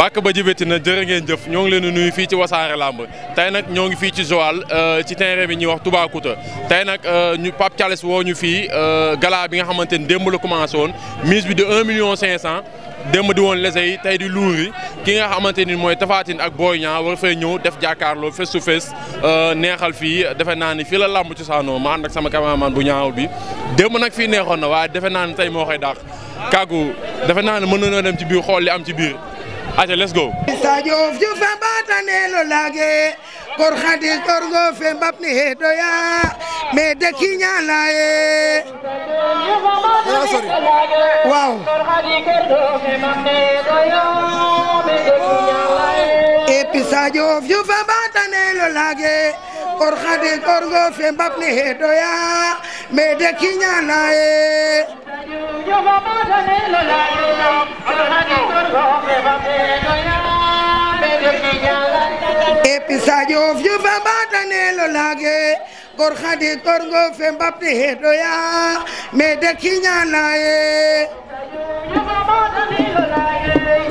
bàkk ba jibeti na jërë ngeen jëf ñoo ngi leen di nuyu fii ci wasaare làmb tey nag ñoo ngi fii ci Joal euh, ci terrain bi ñuy wax Toubacouta tey nag euh, ñu Pape Thialis woo ñu fii euh, galaa bi nga xamante ni démb la commencé woon mise bi de 1 million 500 démb di woon lese yi tey di luur yi ki nga xamante ni mooy Tapha ak Boy ñaaw war fee ñëw def jàkkaarloo face to face neexal fii defe naa ni fii la làmb ci saanoo ma ànd sama cameraman bu ñaaw bi démb nag fi neexoon na waaye defe naa ni tey moo koy dàq kàggu defe naa ne mën na dem ci biir xool am ci biir Aca let's go. kor khadi kor khadi torgo fe mbapni he me de kiñala ye Yo va a poner lo la luna, episadio fio fambatanelo lage gor khadi torgo fe mbapte hedoya me de kiñana e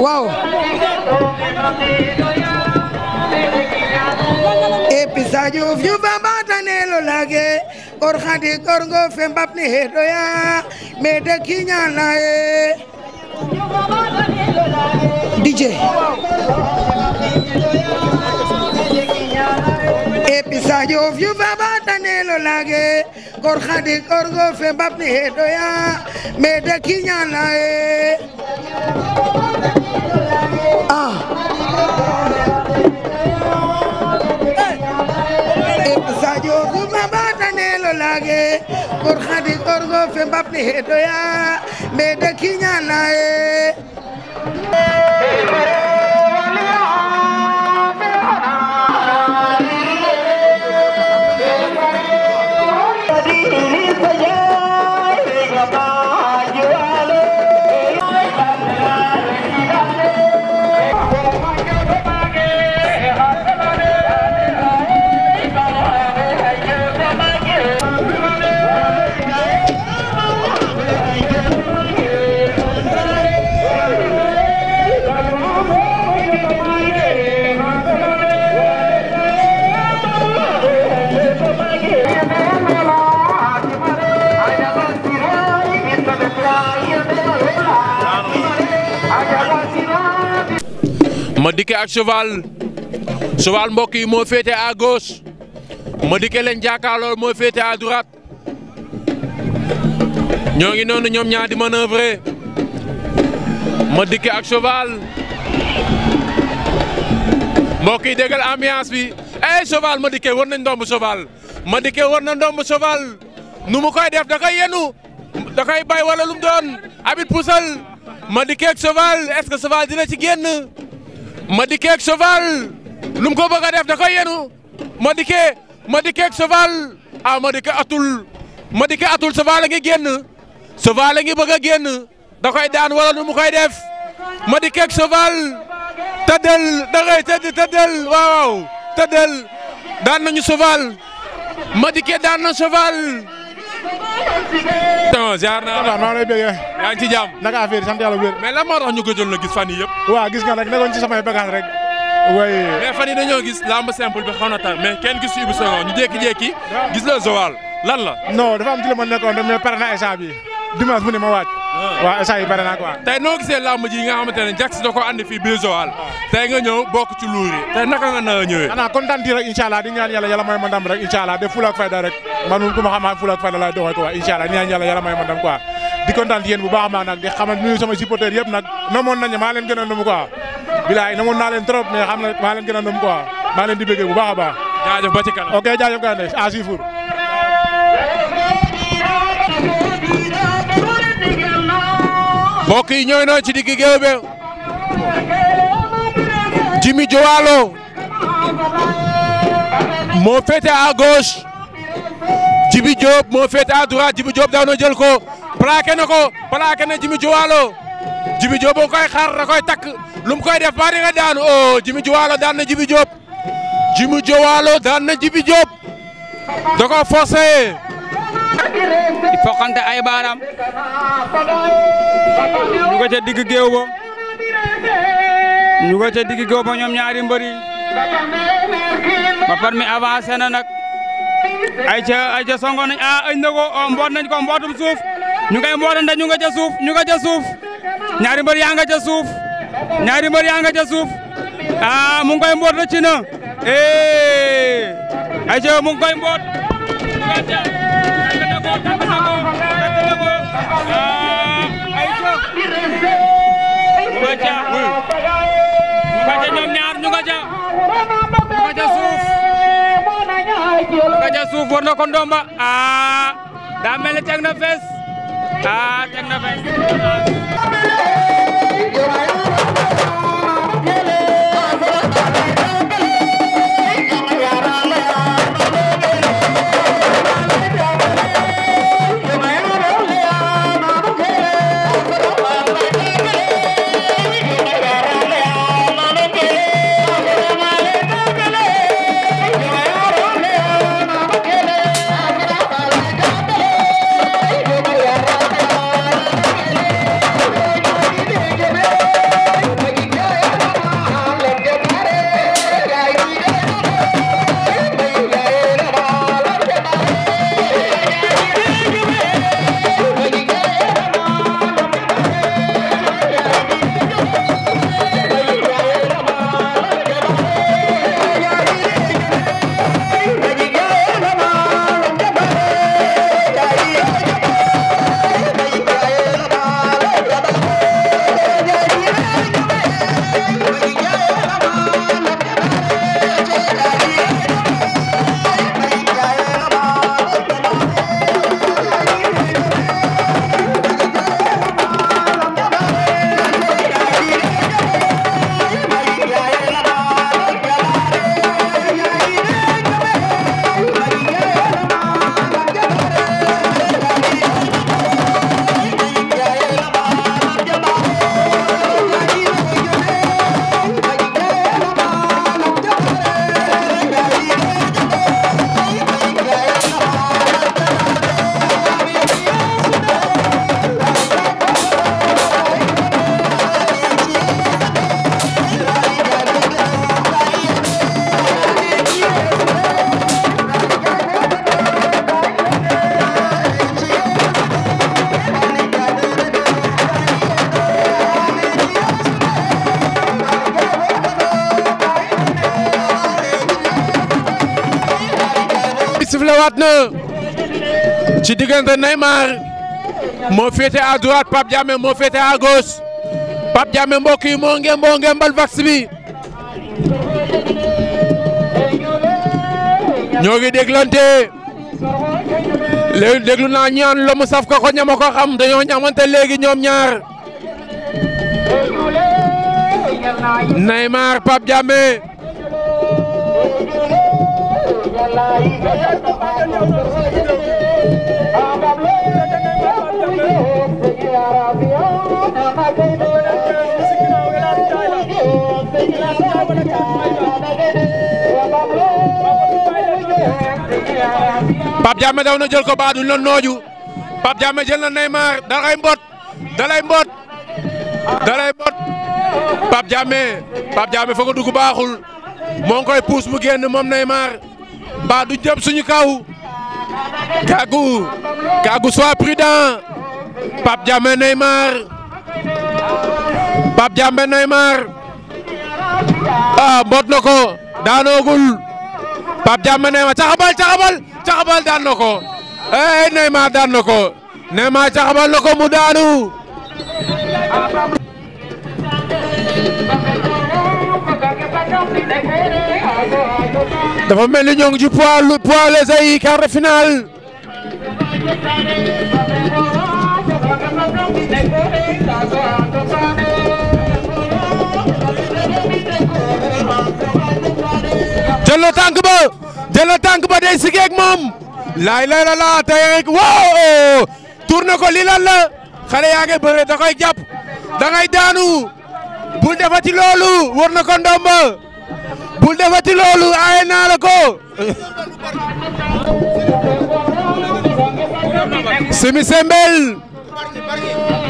waaw episadio fio fambatanelo lage gor khadi torgo fe mbapte hedoya me de kiñana e DJ episodio of baba tanelo lage gor khadi gor go fe bapne he doya me de kinyana e ah episodio of baba to laage ɓor xadi ɓorgo fe mbaɓne heɗoya mbede kiñanaye Madické ak cheval mbokk yi moo féete à gauche Madické leen féete à droite ñoo ngi noonu ñoom ñaar di manœuvrer Madické ak cheval mbokk yi déggal bi eh cheval Madické war nañ ndomb cheval Madické war na ndomb cheval nu mu koy def da yenu da koy bay wala lu doon abit pusal Madické ak cheval est dina ci génn. Madické ak cheval lu mu ko bëgg a def da koy yenu Madické Madické ak cheval ah Madické atul Madické atul cheval a ngi génn cheval a ngi bëgg a génn da koy daan wala nu mu koy def Madické ak cheval tëddal da ngay tëdd tëddal waaw tëddal daan nañu cheval Madické daan na cheval ziar naa la maa ngi lay bëggee yaa ñu ko na gis fan yëpp waaw gis nga rek nekkoon ci samay bagage rek way mais fan yi gis lamb simple bi xaw na tar mais kenn gis Ibou Senghor ñu jékki-jékki gis la Joal lan la non dafa am ci la ma nekkoon mais pare na bi dimanche mu ne ma waaj Ah. waaw instant yi bare naa quoi. tey noo gisee làmb ji nga xamante ne Jax da ko andi fii biir Joal. nga ñëw bokk ci yi. tey naka nga na ñëwee. xanaa kontaan rek incha di ñaan yàlla yàlla may ma rek incha allah def fula ak fayda rek man moom ku ma xam fula ak fayda laay di ñaan yàlla yàlla may ma ndam quoi. di kontaan bu baax a baax di xamal nuyu sama supporter yëpp nag namoon nañu maa leen gën a bilaay namoon naa mbokk yi ñooy noonu ci digg géew bi Jimmy Joalo moo féete à gauche Jibi Diop moo féete à droite Jibi Diop daaw jël ko plaqué na ko plaqué na Jimmy Joalo Jibi Diop koy xaar da koy takk lu koy def ba di nga daan oh Jimmy daan na Jibi Diop Jimmy Joalo daan na Jibi Diop da ko forcé di foqante ay baaraam ñu nga ca digg géew ba ñu nga ca digg géew ba ñoom ñaari mbër yi ba parmi avancé na nag ay ca ay songo nañ a ah, añ na ko oh, mboot nañ ko mbootum suuf ñu ngay mbootante ñu nga ca suuf ñu nga ca suuf ñaari mbër yaa nga ca suuf ñaari mbër yaa nga ca suuf a ah, mu ngi koy mboot rëcc na ee ay ca mu ngi mboot nga ca mu nga ca suuf mu suuf war na ko ndomba aa ah, daa mel ni teg na fees aa ah, teg na fees diggante Neymar moo féete à droite Pape Diame moo féete à gauche Pape Diame mbokk yi moo ngeen moo ngeen mbal vax bi ñoo ngi déglante léegi déglu naa ñaan lu saf ko ko ñama ko xam dañoo ñamante léegi ñoom ñaar Pape Diame daw na jël ko baa duñ nooju Pape Diame jël na Neymar dalay mbot dalay mbot dalay mbot Pape Diame Pape Diame fa ko dugg baaxul moo ngi koy puus mu génn moom Neymar baa du jëm kaw Kagou Kagou prudent Pape Diame Neymar Pape Diame Neymar ah mbot ko daanoogul Pape Diame Neymar caxabal caxabal caxabal daan na ko eh Neymar na ko Neymar caxabal na ko mu daanu. dafa mel ni ñoo ngi ci poids poids léger yi quart de jël na tànk ba jël na tànk ba day sigeeg moom laay lay la laa tey rek waaw tour na ko lii lan la xale yaa ngi bëre da koy jàpp daanu bul defati loolu war na ko ndomba bul defati loolu aaye naa la ko simi sembel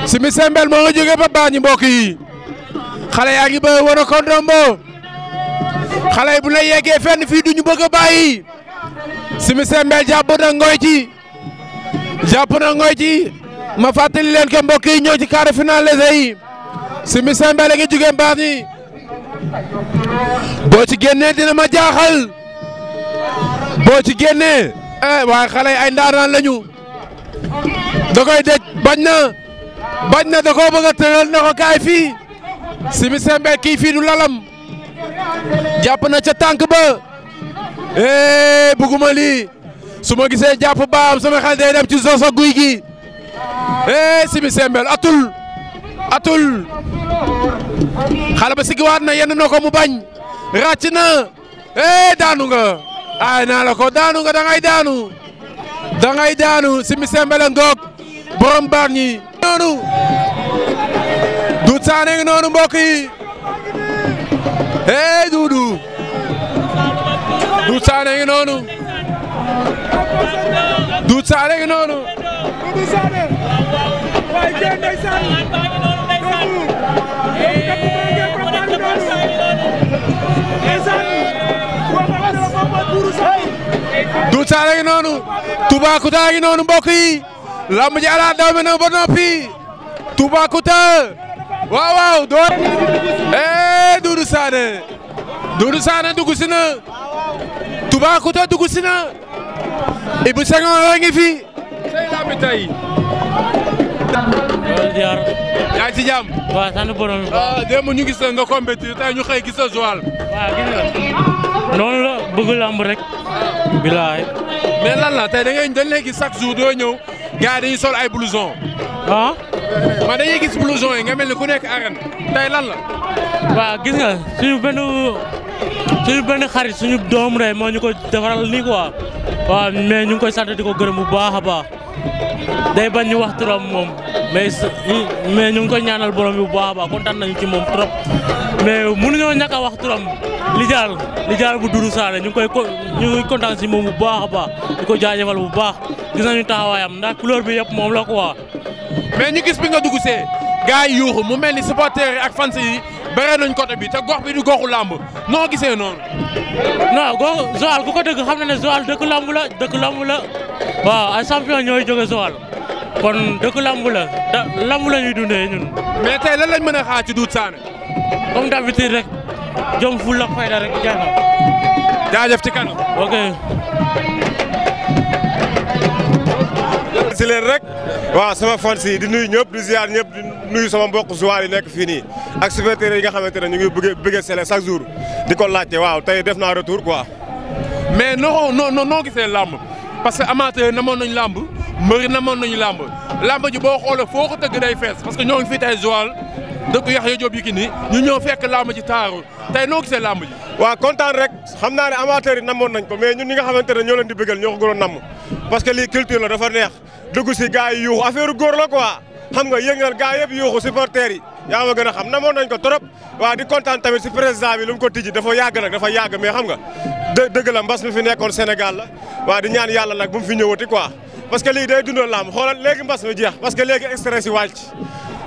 simi sembel moo nga jóge ba baañu mbokk yi yaa ngi bëre war na ko xale yi bu na yeggee fenn fii du ñu bëgg a bàyyi Simi Sembène jàpp na Ngoy ci jàpp na Ngoy ci ma fàttali leen que mbokk yi ñëw ci quart de finale les yi Simi Sembène la nga jugee boo ci génnee dina ma jaaxal boo ci génnee eh waaye xale ay ndaanaan lañu da koy bañ na bañ na da koo bëgg na ko kaay fii Simi Sembène kii fii du lalam. jàpp na ca tànk ba eh bëgguma lii ma gisee jàpp baam sama xel day dem ci Zozo Gouy Gui eh, simi sembel atul atul xale ba sigiwaat na yenn na ko mu bañ ràcc na eh daanu nga ay naa la ko daanu nga da ngay daanu da ngay daanu simi sembel ngoog borom baar noonu du saane noonu mbokk hey Doudou Doudou Sané ngi noonu Doudou Sané ngi noonu Doudou noonu Toubacouta noonu mbokk yi lamb ji na ba noppi Toubacouta waaw waaw doo Doudou Sané Doudou Sané dugg si na Toubacouta dugg si na Ibou Senghor ngi fi borom ah ñu gis nga compétir tey ñu xëy gis sa Joal la bëgg rek bilaay mais lan la tey da ngay dañ lay gis chaque jour doo ñëw gars yi dañuy sol ay blouson ah ma dañuy gis blouson yi nga mel ni ku nekk arène tey lan la. waa gis nga suñu benn suñu benn xarit suñu doom rek moo ñu ko defaral nii quoi waaw mais ñu ngi koy sant di ko gërëm bu baax a baax. day bañ ñu wax turam moom mais mais ñu ngi koy ñaanal borom bi bu baax a baax ci moom trop mais mënuñoo ñàkk a wax turam li jaar li jaar bu Doudou Sané ñu ngi koy ñu ngi kontaan si moom bu baax a baax di ko jaajëfal bu baax gis nañu taxawaayam ndax couleur bi yëpp moom la quoi. mais ñu gis bi nga dugg se gars yi yuuxu mu mel ni supporters yi ak fans bare nañ côté bi te gox bi du goxu làmb noo gisee noon non gox Joal ku ko dëgg xam na ne Joal dëkk làmb la dëkk làmb la waaw ay champion ñooy jóge Joal kon dëkk làmb la da làmb la ñuy dundee ñun. mais tey lan lañ mën a xaar ci Doudou Sané. comme d'habitude rek jom fu la fayda rek jaajëf. ci kanam. ok. ci leen rek waaw sama fans yi di nuyu ñëpp di ziar ñëpp di nuyu sama mbokk joueurs yi nekk fii nii ak supporters yi nga xamante ne ñu ngi bëgg bëgg Sélé chaque jour di ko laajte waaw tey def naa retour quoi. mais noo noo noo gisee lamb parce que amateur namoon nañu làmb mbëri namoon nañu làmb làmb ji boo xoolee foo ko tëgg day fees parce que ñoo ngi fii tey dëkk Yaxya Diop Yékini ñu ñëw fekk làmb ji taaru tey noo gisee làmb ji kontaan rek xam naa ne amateur yi namoon nañ ko mais ñun ñi nga xamante ne ñoo di bëggal ñoo ko gënoon namm parce que lii culture la dafa neex dugg nga yëngal gars yëpp yuuxu supporters yi yaa ma a xam namoon nañ di kontaan tamit si président bi lu mu ko tijji dafa yàgg nag dafa yàgg mais xam nga dëgg la mbas mi fi nekkoon Sénégal la waaw di ñaan yàlla nag bu fi ñëwati quoi parce lii day dundal làmb xoolal léegi mbas mi jeex parce que léegi extrait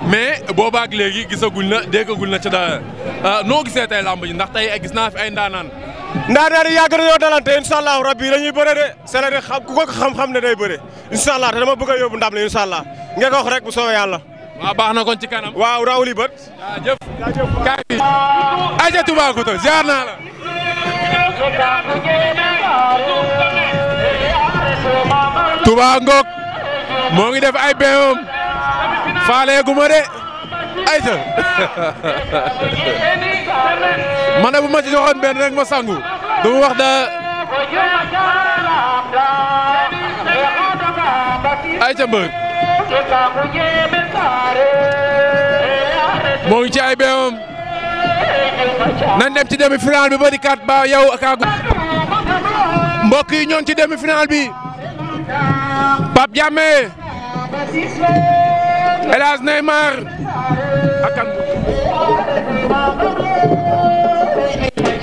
mais boobaak léegi gisaguñ na déggaguñ na ca dara ah, noo gisee tey làmb ji ndax tey gis naa fi ay ndaanaan. ndaanaan yi yàgg dalante incha rabbi dañuy bëre de seen rek xam ku ko xam-xam ne day bëre incha allah te dama bëgg a yóbbu ndam la incha allah ngeen wax rek bu soobee yàlla. waaw baax na kon ci kanam. waaw rawul yi bët. Ngok moo ngi def ay beewam. faale gu ma de ayca ma bu ma ci joxoon benn rek ma sangu du ma wax da ayca mbër ci ay beewam nañ dem ci demi-finale bi ba kat ba yow kaagu mbokk yi ñoo ngi ci demi-finale bi Pape Diame El Hadj Neymar ak kan ah nii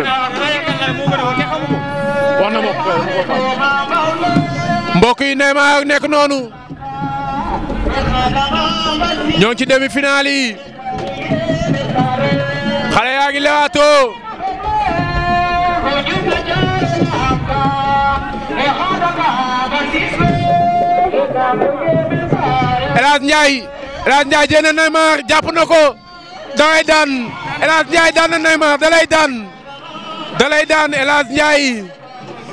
la wax na mbokk yi Neymar nekk noonu. ñoo ngi ci demi-finale xale yaa ngi lewaatoo El Hadj Ndiaye El Hadj Ndiaye jéem na dalay daan El Hadj Ndiaye daan dalay daan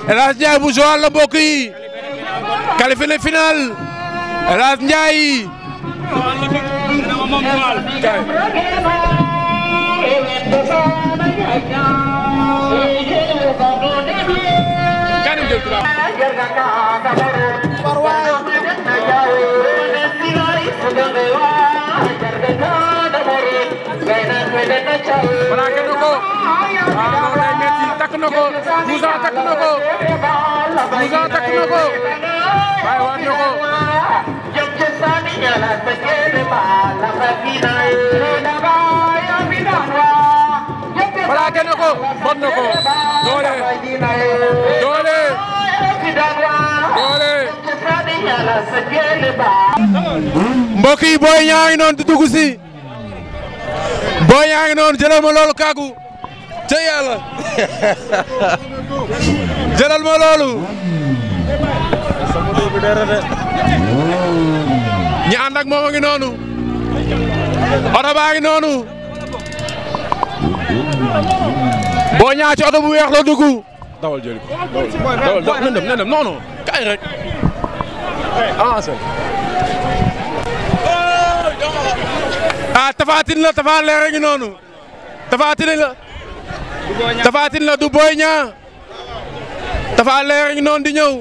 dalay daan bu Joal la mbokk yi qualifié Elhadj Ndiaye Para que no takk na booy ñaa ngi noonu di booy ñaa ngi noonu loolu kàggu ca yàlla jëlal ma loolu ñi ànd ak moom a ngi noonu oto baa noonu boo ñaa ci bu weex la dugg dawal jëli ko dawal dawal nan rek avancé ah la Tapha Leer a noonu Tapha la Tapha Tine la du Boy Niang Tapha Leer ngi noonu di ñëw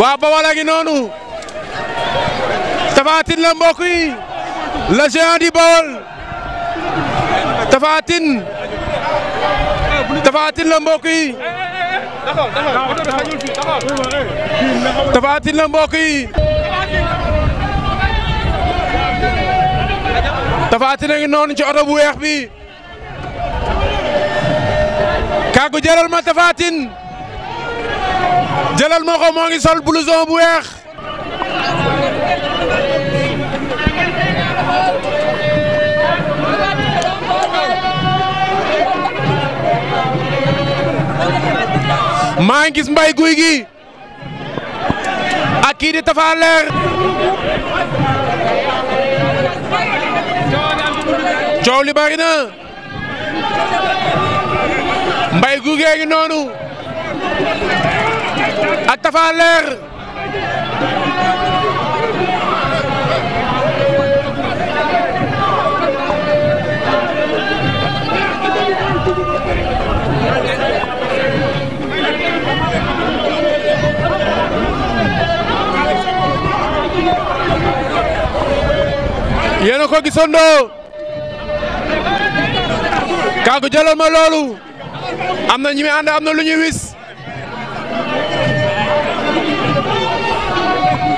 waa Bawol a ngi noonu Tapha la mbokk la le géant du Bawol Tapha Tine Tapha la mbokk yi Tapha la mbokk yi Tapha Tine a ngi ci oto bu weex bi kaagu jëlal ma Tapha Tine jëlal ma ko moo ngi sol blouson bu weex maa ngi gis mbay guy gi ak di Tapha Leer coow li bari mbay gu gee ngi noonu ak Tapha Leer yéen a ko Kaagu jëlal ma loolu am na ñi muy ànd am na lu ñuy wis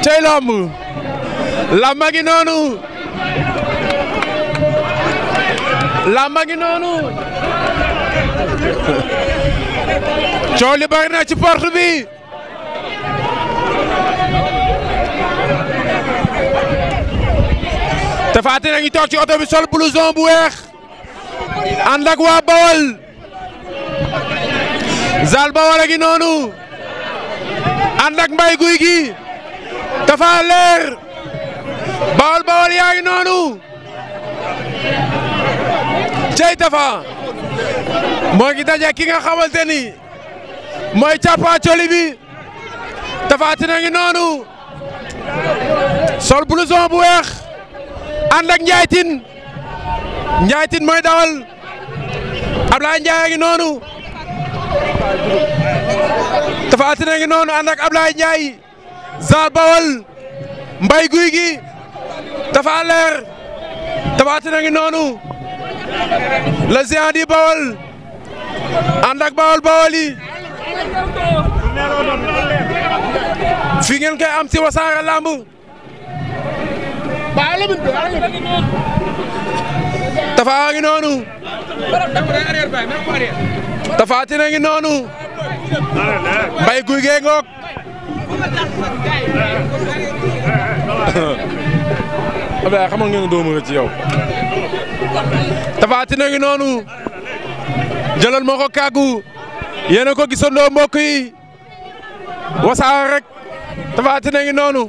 tey lamb lamb a ngi noonu lamb a ngi noonu coow li ci porte bi te Tapha ngi toog ci oto bi sol blouson bu weex ànd ak waa Bawol Zal Bawol a noonu ànd ak Mbaye Gouy Gui dafa leer Bawol Bawol yaa ngi noonu cey Tapha moo ngi daje ki nga xamante ni mooy càppaacoli bi Tapha Tine a noonu sol blouson bu weex ànd ak Ndiaye Tine Ndiaye Tine mooy dawal Ablaye Ndiaye a ngi noonu Tapha Tine a ngi noonu ànd ak Ablaye Ndiaye Zal Bawol Mbaye Gouye Gui Tapha Leer noonu le géant di Bawol ànd ak Bawol fi ngeen koy am ci Wassare Lamb Tapha ngi noonu. Tapha Tine ngi noonu. Mbaye Gouye Gui ngoog. Abdoulaye doomu ci yow. Tapha Tine ngi noonu. jëlal moo ko kàggu. yéen a ko gisandoo mbokk yi. ngi noonu.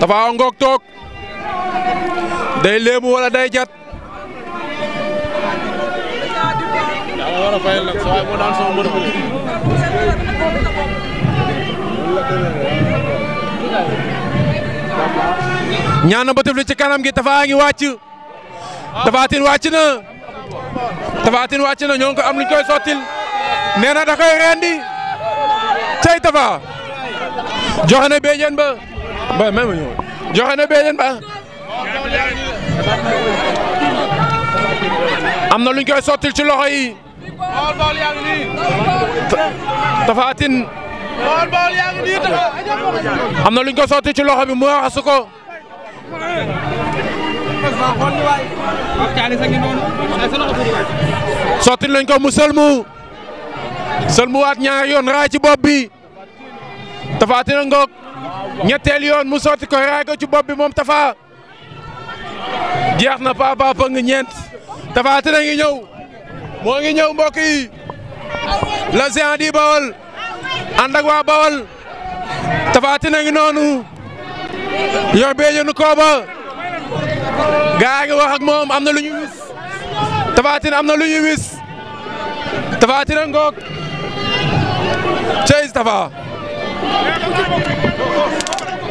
Tapha ngoog toog day léebu wala day jat ñaan na ba ci kanam gi Tapha ngi wàcc Tapha Tine wàcc na Tapha Tine wàcc na ñoo am luñ koy sottil nee na da koy rendi cey Tapha joxe ba Mbaye joxe na beneen ba am na luñ koy sottil ci loxo yi Tapha Tine am na luñ koy sottil ci loxo bi mu waxasu sottil nañ ko mu sëlmu sëlmuwaat ñaar yoon raay ci bopp bi ñetteel yoon mu sotti ko raay ko ci bopp bi moom Tapha jeex na papa pëng ñeent Tapha Tine a ngi ñëw moo ngi ñëw mbokk yi le géant di Bawol ànd ak waa a ngi noonu yor beejanu kooba gaa ngi moom am na lu ñu wis Tapha Tine am na lu ñu wis Tapha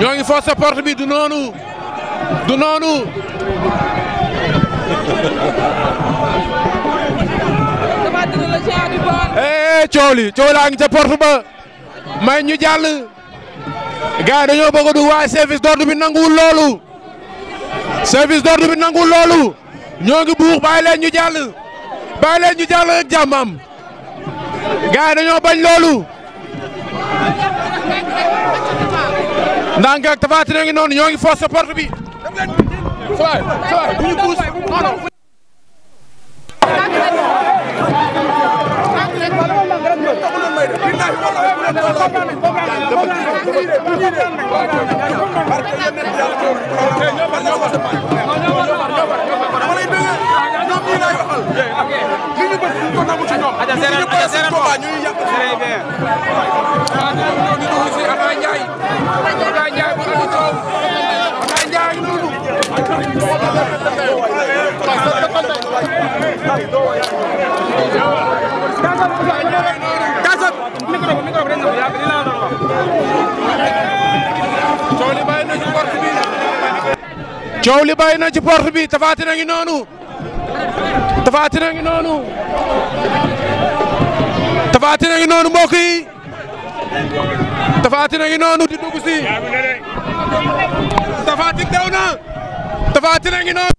ñoo ngi forcer porte bi du noonu du noonu. eh coow li ngi ca porte ba may ñu jàll. gars yi dañoo bëgg a waaye service d'ordre bi nanguwul loolu. service d'ordre bi nangu loolu ñoo ngi buux bàyyi leen ñu jàll bàyyi leen ñu jàll ak jàmmam gars yi bañ loolu ndànk ak Tapha Tine noonu ñoo ngi forcer porte bi wallahi wallahi bu leen tolloo dama lay bëgg ñoom coow li bàyyi na ci porte bi Tapha Tine a ngi noonu Tapha Tine noonu Tapha Tine a ngi noonu yi Tapha noonu di dugg si Tapha na Tapha Tine noonu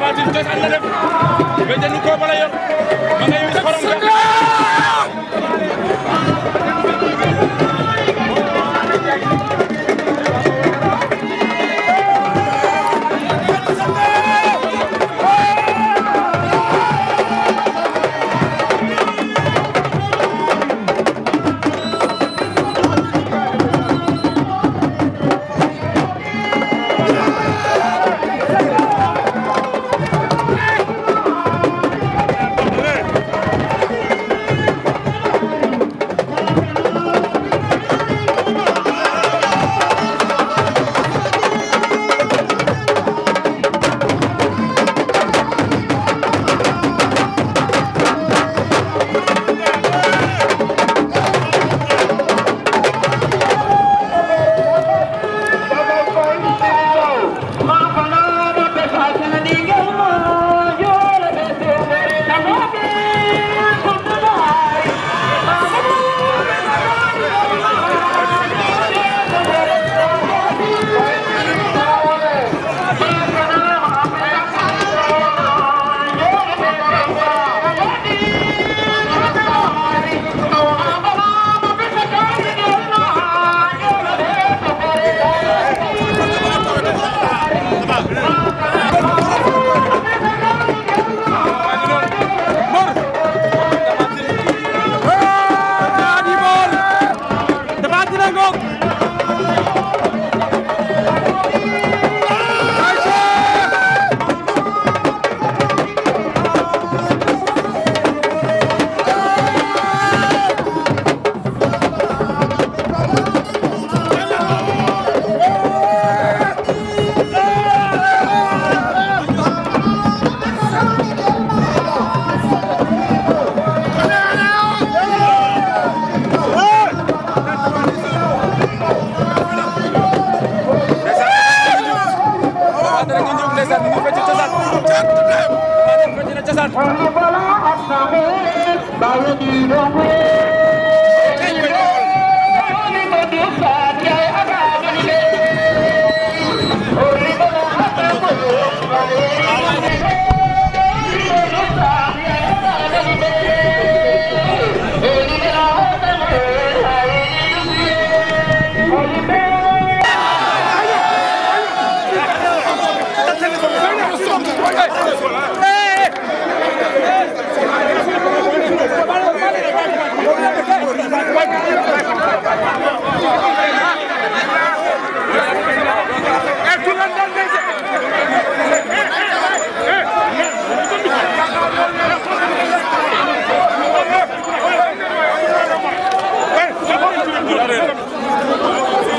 Tapha Tine tos ànd na def béjjénu kooba la yor ma ngay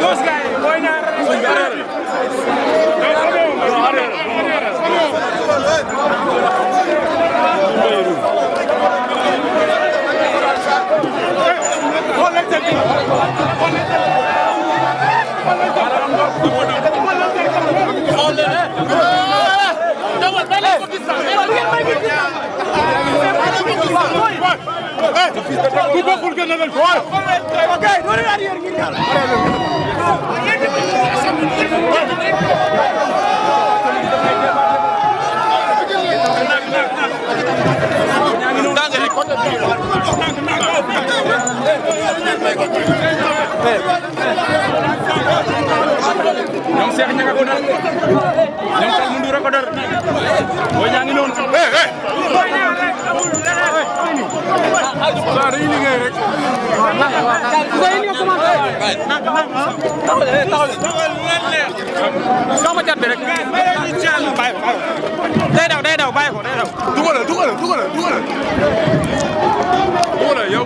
Those guys, why not? Hey, ndànk rek. ñoom Cheikh ña nga ko dal ñoom Kalmu Ndour a ko dal booy ñaa ngi noonu. waaw dañuy liggéey rek. waaw cat bi rek. day daw day daw bàyyi ko day daw. dugalal dugalal dugalal dugalal. dugalal yow.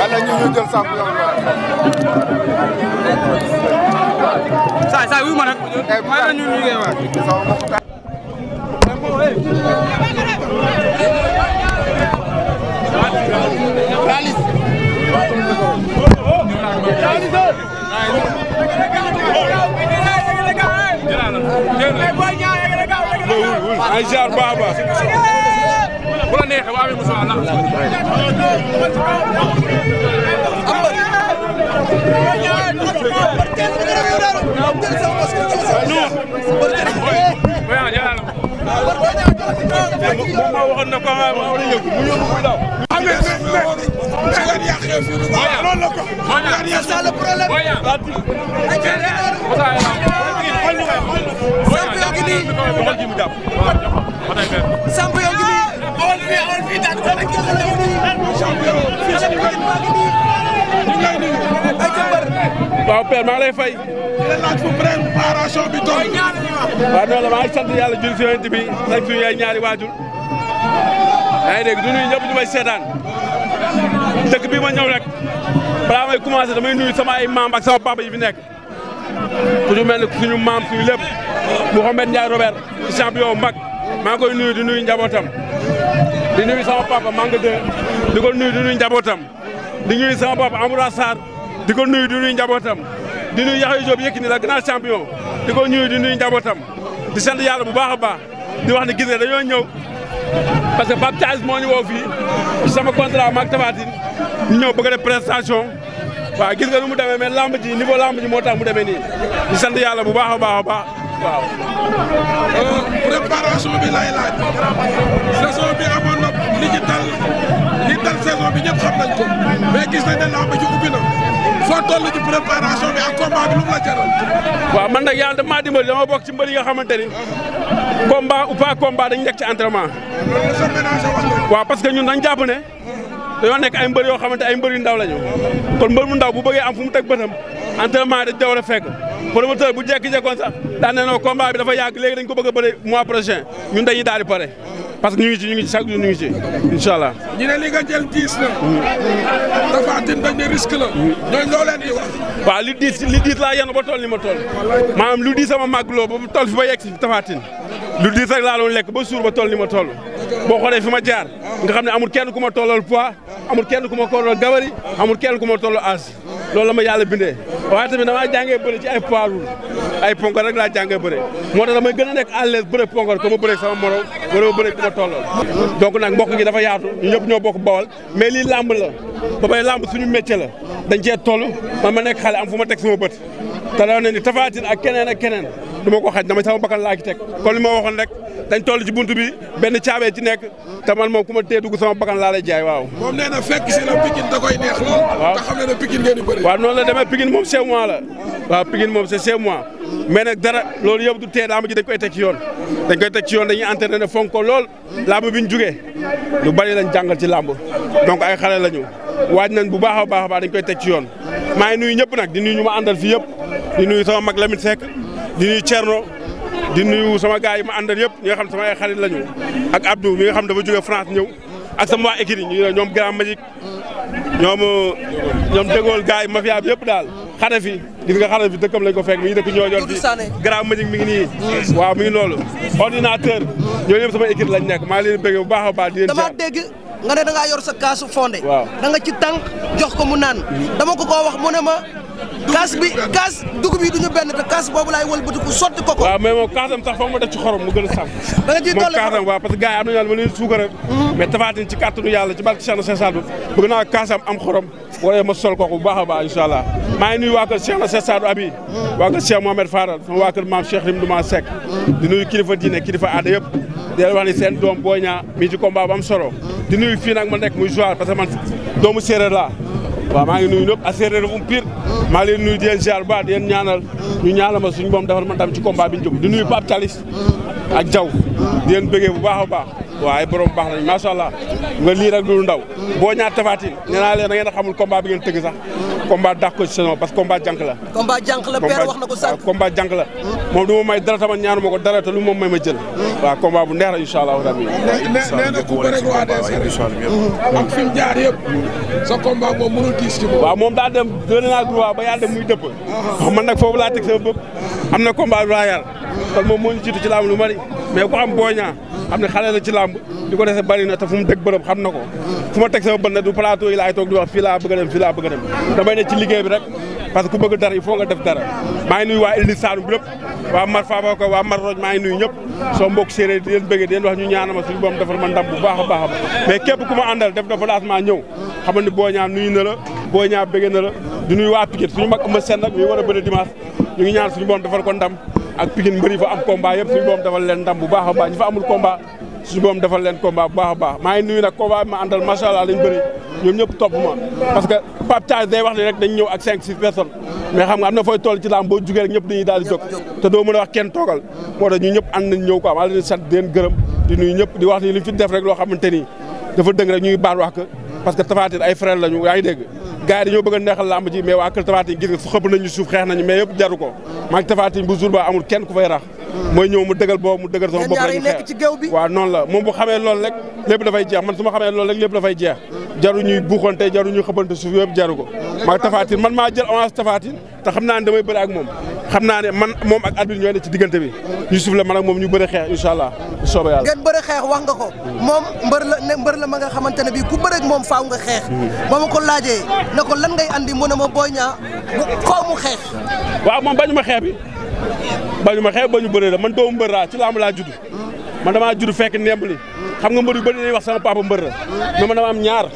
wala ñu ñu jël saako yow. saa saa yu ma nag. Eh, maa ngi ñu liggéey waay. ay jaar baaba bu la neexee waa bi Moussa Allah moom moo waxoon na ko ma war a yëngu mu yëngu muy daw mais mais loolu la ko champion gi nii champion gi nii. awal fii awal fii daal waaw père maa lay fay. yéen laaj fu préparation bi toll. waaw noonu la maa ngi sant yàlla jël si yonent bi ak suñu yaay ñaari waajur. yaa ngi dégg du nuyu ñëpp ñu may seetaan dëkk bii ma ñëw rek balaa may commencé damay nuyu sama ay maam ak sama papa yi fi nekk ku ñu mel ne suñu maam suñu lépp. Mouhamed Ndiaye Robert champion mag maa koy nuyu di nuyu njabootam di nuyu sama papa Manga de di ko nuyu di nuyu njabootam di nuyu sama papa Amoura Sarr di ko nuyu di njabootam di nuyu Yaxya Diop Yékini la grand champion di ko nuyu di nuyu njabootam di sant yàlla bu baax a baax di wax ne gis nga dañoo ñëw parce que Pape Thiès moo ñu woo fii sama contrat maag Tapha Tine ñu ñëw bëgg a def prestation nu mu demee mais lamb ji niveau lamb mu demee nii di sant yàlla bu baax a baax baax. waaw. Euh, préparation bi lay laaj. saison bi na li ci dal li bi ñëpp xam ko. gis nañ ne lamb ji ubbi na. foo ci préparation bi ak combat bi lu mu la jaral. waaw ci mbër yi nga xamante ni. combat ou pas combat dañu nekk ci entraînement. waaw parce que ñun dañ jàpp ne. dañoo nekk ay mbër yoo xamante ay mbër yu ndaw lañu. kon mbër mu ndaw bu bëggee am fu mu teg bëtam entraînement dañ da war fekk. promoteur bu jékki-jékkoon sax daan nañoo combat bi dafa yàgg léegi dañ ko bëgg a bëre mois prochain ñun dañuy daal pare parce que ñu ngi ci ñu ngi ci chaque jour ñu ngi ci incha diis na. dafa atin dañ ne risque la. ñooñu loo leen waaw li diis li diis laa yenn ba toll ni ma toll. maanaam lu diis sama màgg loo ba toll fi ba yegg si tafaatin lu diis rek laa lekk ba suur ba toll ni ma toll. boo xoolee fi ma jaar nga xam ne amul kenn ku ma tollal poids amul kenn ku ma tollal gabari amul kenn ku ma tollal âge loolu la ma yàlla bindee waaye poids ay ponkal rek laa jàngee bëre moo tax may gën a nekk à l'aise bëre ponkal ko ma bëre sama morom wala ma bëre ku ma tollal donc nag mbokk gi dafa yaatu ñu ñëpp ñoo bokk bawal mais li làmb la ba bay làmb suñu métier la dañ cee toll man ma nekk xale am fu ma teg sama bët te dafa ne ni tafaatin a keneen ak keneen du ma ko xaj dama sama bakkan laa ci teg kon li ma waxoon rek dañ toll ci buntu bi benn caabee ci nekk te man moom ku ma tee dugg sama bakkan laa lay jaay waaw. moom nee na fekk si la Pikine da koy waaw te xam ne ne ngeen moom chez moi la waaw moom se chez moi mais dara loolu yëpp du tee làmb ji dañ koy teg ci yoon dañ koy teg ci yoon dañuy entraîné ne fonk lool làmb bi ñu jugee lu bari lañ jàngal ci làmb donc ay xale lañu waaj nañ bu baax a baax a baax koy teg ci yoon maa ngi nuyu ñëpp nag di nuyu ñu ma àndal fii yëpp di nuyu sama mag Lamine Seck di nuyu Thierno di nuyu sama gars yi ma àndal yëpp ñi nga xam sama ay xarit lañu ak Abdou mi nga xam dafa jóge France ñëw ak sama waa équipe yi ñoom Grand Magique ñoom ñoom dégool gars yi mafia yëpp daal. xana fi gis nga xana fi dëkkam lañ ko fekk mi ngi dëkk ñoo ñoon fi grand magique mi ngi nii waaw mi ngi loolu ordinateur ñoo ñëpp sama équipe lañ nekk maa leen bëgg bu baax a baax di nga ne da yor sa kaasu fondé da ci tànk jox ko mu naan mm-hmm. dama ko koo wax mu ne ma kaas bi kaas dugub yi duñu benn te kaas boobu laay wëlbatiku sotti ko ko waaw mais kaasam sax foog ma def ci xorom mu gën a sàmm da nga ciy toll kaasam waaw parce que am nañu naan ma leen suukara mm-hmm. mais tafaatin ci kàttanu yàlla ci barke Cheikh na Sessal bi bëgg naa kaasam am xorom wala ma sol ko bu baax a baax incha allah mm-hmm. maa ngi nuyu waa kër Cheikh na Sessal abi waa kër Cheikh Mohamed Faral sama kilifa diine yëpp di leen wax seen doom Boy Niang mi ci combat ba am solo. di nuyu fii nag ma nekk mu joueur parce que man doomu séeréer laa. waaw maa ngi nuyu ñëpp a séeréer bu mu pire. maa ngi leen nuyu di leen ziar ba di leen ñaanal. ñu ñaanal ma suñu moom defal ma tam ci combat bi ñu jëm di nuyu Pape Talis. ak Diaw di leen bëggee bu baax a waaye borom baax nañ macha allah nga lii rek ndaw boo ñaar tafaatin leen da ngeen a xamul combat bi tëgg sax combat dàq ko parce que combat jànk la combat moom du ma may dara tamit ñaanu ma dara te lu moom may ma jël waaw combat bu neex la incha allah rabbi nee na ku bëre waa DSR sa combat moom mënul tiis ci moom waaw moom daa dem doole naa droit ba yàlla dem muy dëpp man nag foofu laa teg sama bëpp am na combat royal kon moom làmb di ko dese bari na te fu mu teg xam na ko fu ma teg sama di wax fii laa dem fii laa bëgg a dem damay ci liggéey bi rek parce que ku dara il faut nga def dara maa ngi nuyu waa Ili Saalum lépp waa Mar Faba ko waa Mar Roj maa ngi ñëpp soo mbokk séeréer di leen bëggee di leen wax ñu ñaanama suñu boom defal ma ndam bu baax baax a mais képp ku ma àndal def dafa laas maa ñëw xamal ni boo ñaa nuyu na la boo ñaa bëggee di nuyu waa Pikine suñu boom defal leen combat bu baax a baax maa ngi nuyu nag combat bi ma àndal macha allah lañ ñoom ñëpp topp ma parce que Pape day wax rek dañ ñëw ak cinq six personnes mais xam nga am na fooy toll ci laam boo jugee rek ñëpp dañuy daal di jóg te doo a wax kenn toogal moo tax ñu ñëpp ànd ñëw quoi maa leen sant di leen gërëm di ñëpp di wax ni li fi def rek loo xamante nii dafa dëng rek ñuy baal wax que parce que tafatin ay frère lañu yaa dégg gars yi bëgg a amul kenn ku fay mooy ñëw mu dëgal boobu mu dëgal sama bopp lañu xeex waaw noonu la moom bu xamee loolu rek lépp dafay jeex man su ma xamee loolu rek lépp dafay jeex jaru ñuy buuxante jaru ñuy xëppante suuf yëpp jaru ko mm. maa tafaatin man maa jël avance tafaatin te xam naa ne damay bëri ak moom xam naa ne bi ñu suuf la man ak mbër la la ma nga xamante ne bii ku bëri moom faaw nga xeex mm. ba ma ko laajee ne ko lan ngay andi mu ne ma booy ñaa mu xeex waaw moom bañu ma xeex bi bañu ma xeex bañu bëre man doomu mbër laa ci lamb laa judd man damaa judd fekk nemb li xam nga mbër yu bëri dañuy wax sama ma mbër la mais man dama am ñaar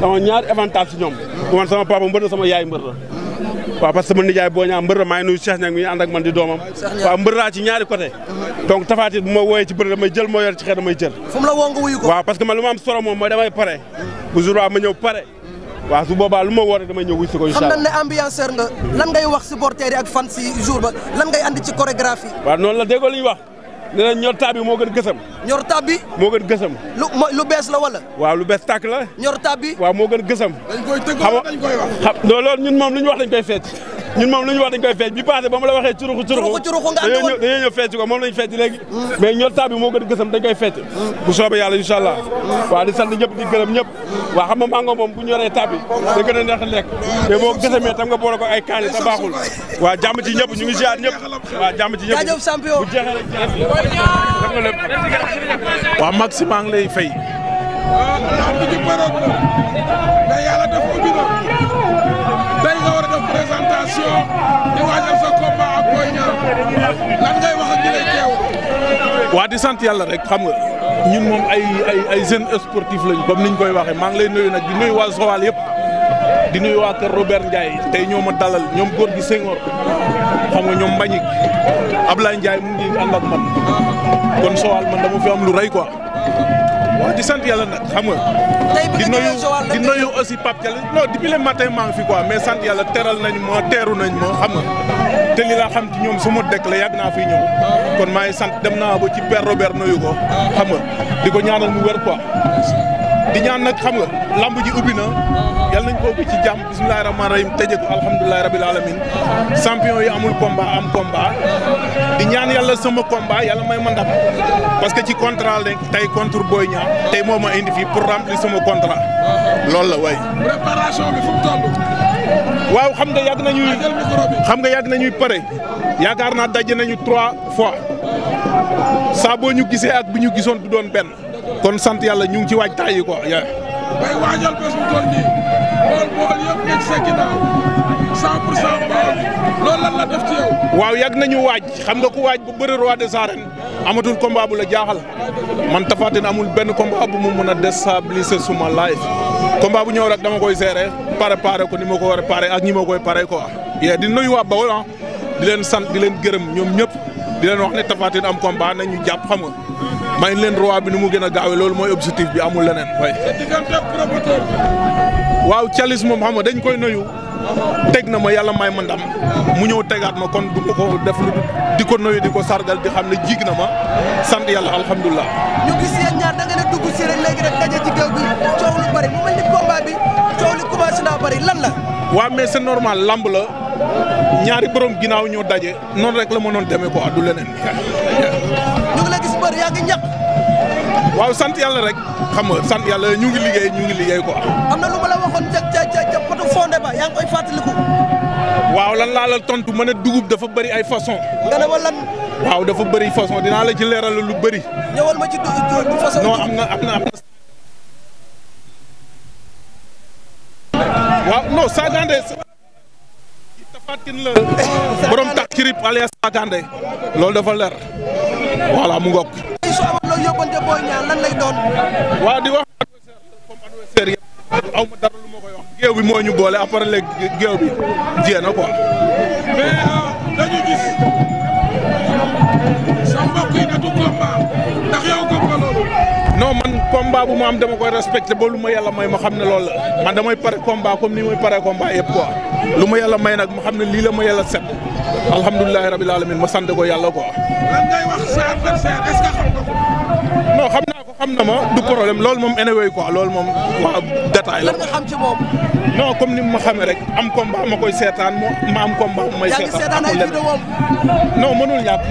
dama ñaar avantage si yaay mbër la waaw que sama nijaay boo ñaa mbër la maa ngi nuyu Cheikh Niang mi ànd ak man di doomam waaw mbër laa ci ñaari côté donc tafaatit ma wooyee ci bëri damay jël moo yor ci xeet damay jël fu lu ma am moom mooy damay pare bu jour ma ñëw pare waaw su boobaa lu ma woote damay ñëw wuy si ko incha xam nañ ne ambianceur nga lan ngay wax supporter yi ak fan si jour ba lan ngay andi ci chorégraphie. waa noonu la déggoo li ñu wax nee na ñor taab bi moo gën gësam. ñor taab bi. moo gën gësam. lu lu bees la wala. waa lu bees tàkk la. ñor taab bi. waaw moo gën gësam. dañ koy tëgg dañ koy wax. xam loolu ñun moom lu ñu wax dañ koy feet ñun moom lu ñu wax dañ koy feej bi passé ba mu la waxee curuxu curuxu curuxu nga dañoo ko moom lañ feecc léegi mais ñoo tab bi moo gën a gësam koy feecc bu soobee yàlla incha allah waaw di sant ñëpp di gërëm ñëpp waaw xam ma mango moom bu ñu yoree tab bi da gën a neex lekk te tam nga boole ko ay kaani ta baaxul waaw jàmm ci ñëpp ñu ngi ziar ñëpp waaw jàmm ci ñëpp bu jeexee rek def nga lépp maa ngi lay fay waaw am na ñu tey nga waa di sant yàlla rek xam nga ñun moom ay ay ay jeunes sportifs lañu comme niñ koy waxee maa ngi lay nuyu nag di nuyu waa Joal yëpp. di nuyu waa kër Robert Ndiaye tey ñoo ma dalal ñoom góor gi Senghor xam nga ñoom Mbagnick Ablaye Ndiaye mu ngi ànd ak man kon Joal man dama fi am lu rey quoi. waaw di sant yàlla nag xam nga. di nuyu di nuyu aussi Pape Thiel non depuis le matin fi quoi mais sant yàlla teral nañu moo teeru nañ moo xam nga te li laa xam ci ñoom su ma dëkk la yàgg naa fi ñëw. kon maa ngi sant dem naa ba ci Père Robert nuyu ko. xam nga di ko ñaanal mu wér quoi. di ñaan nag xam nga lamb ji ubbi na yal nañ ko ubbi ci jàmm bismillahi rahmaani rahim tëjee ko alhamdulilahi rabil alamin champion yi amul combat am combat di ñaan yàlla sama combat yàlla may ma ndam parce que ci contrat rek tey contre booy Niang tey moo ma indi fii pour remplir sama kontra loolu la way préparation waaw xam nga yàgg nañuy xam nga yàgg nañuy pare yaakaar naa daj nañu trois fois saa boo ñu gisee ak bu ñu gisoon du doon benn kon sant yàlla ñu ngi ci waaj taay yi quoi. bay waajal bés bu toll nii bool bool yëpp nekk sa ginnaaw 100 pour 100 loolu lan la def ci yow. waaw yàgg nañu waaj xam nga ku waaj bu bëri waa des arènes amatul combat bu la jaaxal man Tapha Tine amul benn combat bu mu mun a déstabiliser suma life combat bu ñëw rek dama koy gérer préparé ko ni ma ko war a paré koy pare ko yee di nuyu waa Bawol ah di leen sant di leen gërëm ñoom ñëpp di leen wax ne Tapha Tine am combat jàpp xam nga. may leen roi bi ni mu gën a gaawee loolu mooy objectif bi amul leneen way waaw Thialis moom xam nga dañ koy nuyu teg na ma yàlla may ma ndam mu ñëw tegaat ma kon du ma ko def lu di ko noyu di ko sargal di xam ne jig na ma sant yàlla alhamdulilah. ñu gis yéen ñaar da dugg si léegi rek daje ci géew coow lu bari mu mel ni combat bi coow li commencé naa bari lan la. waa mais c'est normal lamb la ñaari borom ginnaaw ñoo daje noonu rek la ma demee ko addu leneen. mbër yaa ngi ñaq waaw sant yàlla rek xam nga sant yàlla ñu ngi liggéey ñu ngi liggéey quoi. am na lu ma la waxoon ca ca ca poto fondé ba yaa ngi koy fàttaliku. waaw lan laa la tontu ma ne dugub dafa bari ay façon nga ne ma lan. waaw dafa bari façon dinaa la ci leeral lu bëri. ñëwal ma ci du façon. non am na am na am na. waaw non saa Fatin la borom tax kirip alias Akande loolu dafa leer voilà mu ngokk. waaw di wax comme adversaire yi aw ma dara lu ma wax géew bi moo ñu boole après léegi géew bi jiyee na quoi. mais euh, dañu gis sa mbokk yi datu combat ndax yow gëm combat bu ma am dama koy respecté ba lu ma yàlla may ma xam ne loolu la man damay pare combat comme ni muy pare combat yëpp quoi lu ma yàlla may nag ma xam ne lii la ma yàlla set alhamdulilahi rabil alamin ma sant ko yàlla quoi. lan ngay wax sa adversaire est-ce ko. non xam naa ko xam na ma du problème loolu moom énewee ko loolu moom waa détail la. lan nga xam ci comme ni mu ma xamee rek am combat ma koy seetaan ma am ma may seetaan. yaa ngi seetaan ay non mënul ñàkk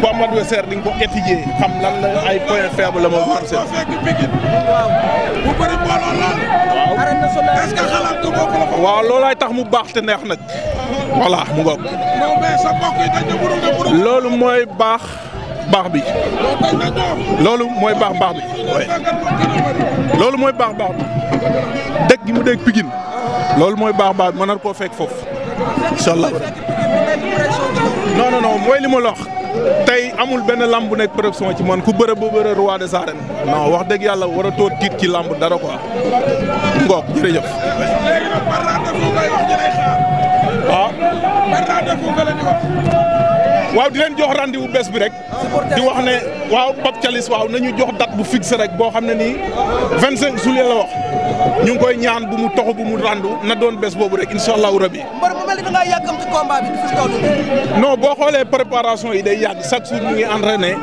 bu am adversaire di nga ko étudier xam lan la ay point faible la ma war a seet. waaw. bu bëri mbooloo lool. waaw arène nationale tax mu baax te neex nag. voilà mu ngoog. non loolu mooy baax. baax bi loolu mooy baax baax bi mooy baax baax bi dëkk gi mu dégg Pikine loolu mooy baax baax bi ma nar koo fekk foofu incha allah non mooy li ma la tey amul benn lamb bu nekk production ci man ku bëre ba bëre roi des arènes non wax dëgg yàlla war a toog tiit ci lamb dara quoi ngoog jërëjëf. Ah. waaw di leen jox rendez-vous bés bi rek di wax ne waaw Pape Thialis waaw nañu jox date bu fixe rek boo xam ne nii vingt cinq juillet la wax ñu ngi koy ñaan bu mu toxu bu mu rendu na doon bés boobu rek incha allahu rabi. mbër mu mel boo xoolee préparation yi day yàgg chaque jour ñu ngi entraîné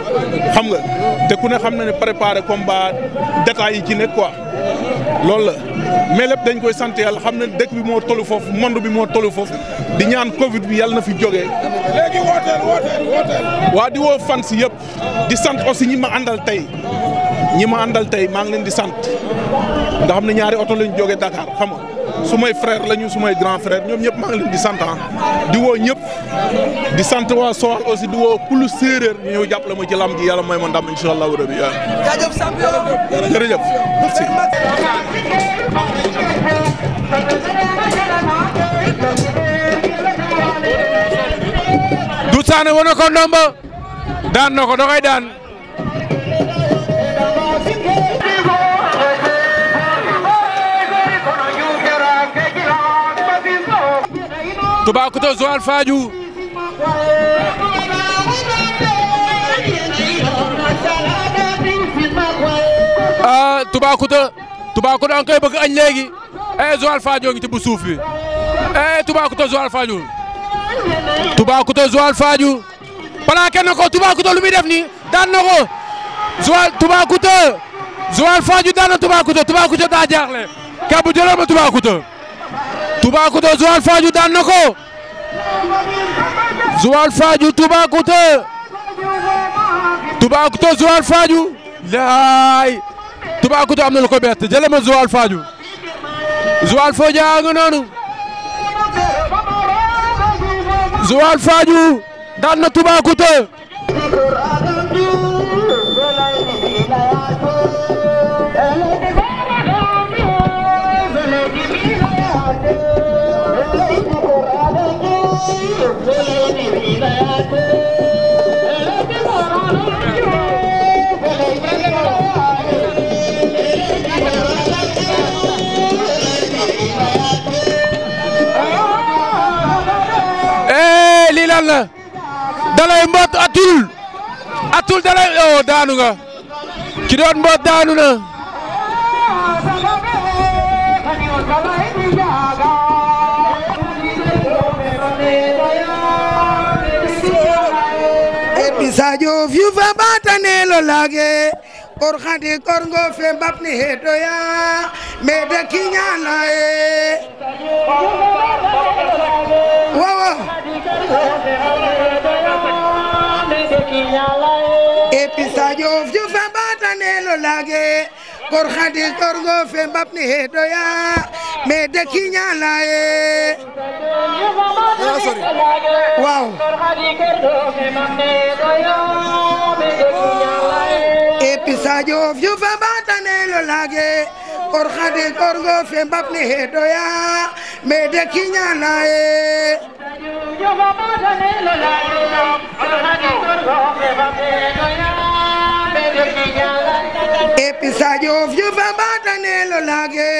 xam nga te ku ne xam na ne comme combat détails yi ci nekk quoi loolu la. mais lépp dañ koy sant yàlla xam ne dëkk bi moo tollu foofu monde bi moo tollu foofu di ñaan Covid bi yàlla na fi jógee. léegi wooteel wooteel wooteel. waa di woo fan si yëpp di sant aussi ñi ma àndal tey ñi ma àndal tey maa ngi leen di sant nga xam ne ñaari oto lañ jógee Dakar xam su sumay frère lañu sumay grand frère ñoom ñëpp maa ngi leen di sant ah. di woo ñëpp di sant waa Soal aussi di woo kulu séeréer ñu ñëw jàppale ma ci lam ji yàlla may ma ndam incha allahu rabi. Ah. jaajëf champion jërëjëf merci. Doudou Sané ko daan na ko daan. Toubacouta Joal Fadiouth ah Toubacouta Toubacouta an bëgg añ léegi eh Joal Fadiouth ngi ci bu suuf bi eh Toubacouta Joal Fadiouth Toubacouta Joal Fadiouth plaqué na ko Toubacouta lu muy def nii daan na ko Joal Toubacouta Joal Fadiouth daan na Toubacouta Toubacouta daa jaaxle kàbb jëlal ma Toubacouta Toubacouta Joal Fadiouth daan na ko Joal Fadiouth Toubacouta Toubacouta Joal Fadiouth laay Toubacouta am na lu ko bett jëlee ma Joal Fadiouth Joal Fadiouth a ngi noonu Joal Fadiouth daan na Toubacouta Eh, lii lan la dalay mbot atul atul dalay oh daanu nga ki doon mbot daanu na bajo fiufa batanelo lage kor xade korngo fe mbapne he doya me de kiñana e wawa e pisajo fiufa batanelo lage gor xadis dorgo fe mbapni he doya mais de kiñala ye waaw e pisadio fiu fa lo la luna, por nadie por lo que va a e pisajo fiufa mbatanelo lage